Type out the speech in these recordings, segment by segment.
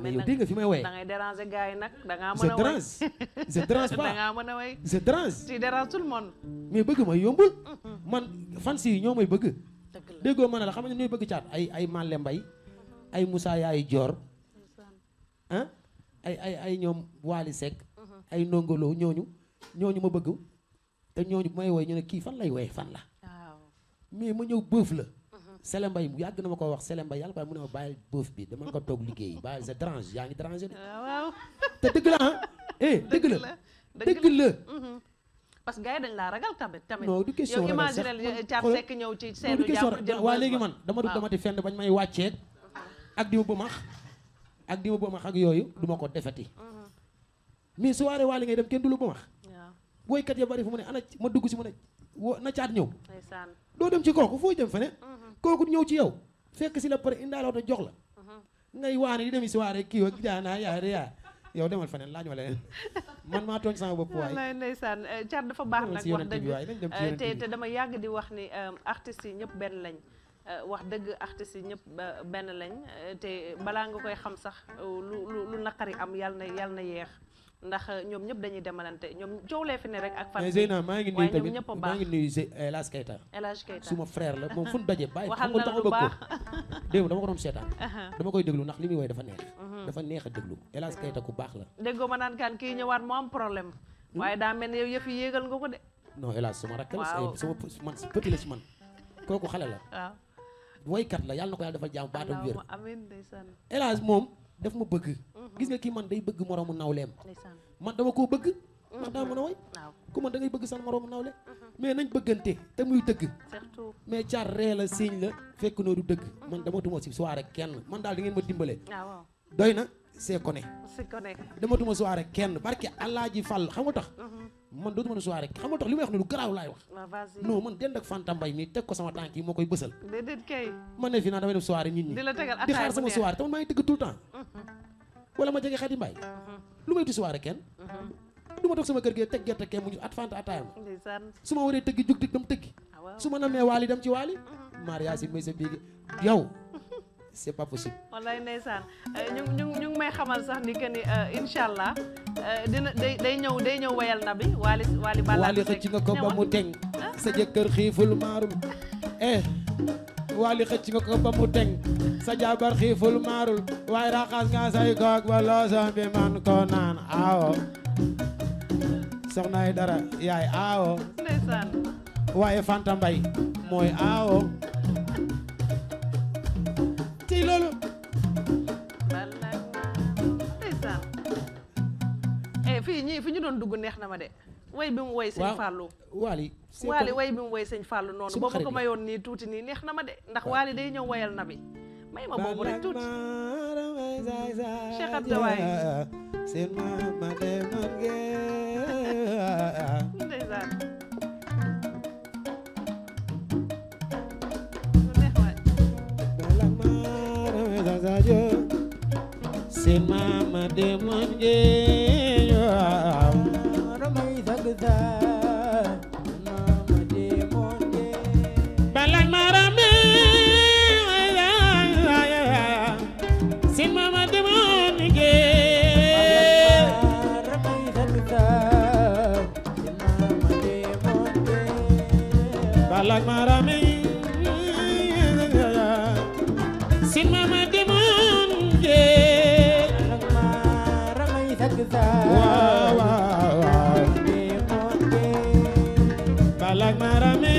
mais yow dégg nga fi may woy da ngay déranger yi nag da ngaa mën a woy je dérange pas da a woy je dérange mais bëgg mooy yombul man fan si ñoo may bëgg déggoo ma ne la xam nga ñooy bëgg caat ay ay Malle Mbay ay Moussa Yaay Joor ah ay ay ay ñoom Waly Seck mm-hmm. ay Ndongolo ñooñu ñooñu ma bëgg te ñooñu bu may woy ñu ne kii fan lay woy fan la mais ma ñëw bëf la Sele Mbaye yàgg na ma ko wax Sele Mbaye yàlla baal mu ne ma bàyyil boof bi dama ko toog liggéey bàyyil sa dérange yaa ngi dérangé de. Ah, te dëgg la ah. dëgg la mm-hmm. parce que gars laa ragal tamit tamit. non du question ragal sax yow sekk waa léegi man dama dugg ah. dama fenn bañ may wàcceeg ak di ma bëmax ak di ma bëmax ak yooyu du ma ko defati. Mm-hmm. mais soirée waa li ngay dem kenn du la bëmax woykat ya bari fu mu ne ana ma dugg si mu ne wo na caat ñëw doo dem ci kooku foo jëm feneen mm-hmm. kooku ñëw ci yow fekk si la pare indaalaw te jox la mm-hmm. ngay waane di dem si rek kii ak jaanaa yaa de yow demal feneen laaj ma leneen man maa tooñ sama bopp waay wallaay ndeysaan eh, car dafa baax nag wax dëgg eh, te te dama yàgg di wax ni eh, artistes yi ñëpp benn lañ wax dëgg artistes yi ñëpp benn lañ te balaa nga koy xam sax lu lu naqari am yàlla na yàlla na yeex ndax ñoom ñëpp dañuy demalante ñoom coow lee fi ne rek ak fan mais Zeyna maa ngi nuyu tamit maa ngi nuyu El Hadj Keita El Hadj Keita suma frère la moom fu ñu daje bàyyi xam nga tax ma bëgg ko dégg dama ko doon seetaan dama koy déglu ndax li muy woy dafa neex mhm. dafa neex a déglu El Hadj Keita ku baax la déggoo ma naan kaan kii ñëwaat moo am problème hmm? waaye daa mel ne yow yëf yi yéegal nga ko de non El Hadj suma rakk la eh, suma man petit la si man kooku xale la waaw woykat la yàlla na ko yàlla dafa jaam baatam wér El Hadj moom daf ma bëgg mhm. gis nga kii man day bëgg moroomu nawleem man dama koo bëgg ndax mhm. daa mën a way ku man da ngay bëgg san moroomu nawle mhm. mais nañ bëggante te muy dëgg surtout mais car ree la siiñ la fekk noo du dëgg man dama tuma si soirée kenn man daal di ngeen ma dimbale ah, doy na c'est conné c'est conné dama tuma soirée kenn barke alaaji ji xam nga tax man dootuma ne soirée xam nga tax li may wax ne lu garaaw laay wax. non man dend ak Fanta mii teg ko sama tànk yi moo koy bësal. déedéet kay. man ne fii naa damay def soirée nit ñi. di xaar sama soirée tamit maa ngi tëgg tout temps. Mhm. wala ma jege Xadi Mbaye. Mhm. lu may di soirée kenn. Mhm. du ma toog sama kër gee teg gerte kenn mu ñu at Fanta ataayam. su ma waree tëggi jug dig dam tëggi. Ah, su ma namee waali dem ci waali. mariage yi may sa biigi yow c'est pas possible. Euh, ñu may xamal sax ni ni euh, incha euh, day ñëw day na bi waali waali balaa waali xëcc nga ko ba mu teng sa jëkkër xiiful maarul eh waali xëcc nga ko ba mu teng sa jabar xiiful maarul waaye raxas nga say koog ba loosoon bi man ko naan aawo soxna dara yaay aawo waaye Fanta Mbaye mooy aawo fii ñii fi ñu doon dugg neex na ma de. way bi mu woy sëñ way bi mu woy sëñ Fallou noonu. boo ma ko mayoon nii tuuti nii neex na ma de ndax waali day ñëw woyal na bi may ma boobu rek tuuti. Cheikh Abdou waay. ndeysaan. Seen maama lak marame sin mama demoon géej lak marame yi sag saar waaw waaw waaw demoon géej ba lak marame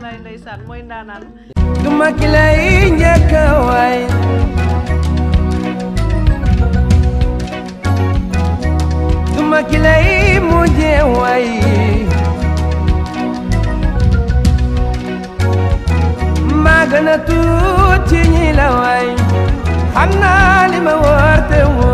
lay ndeysaan mooy ndaanaan du ma ci ñi la li ma warte woo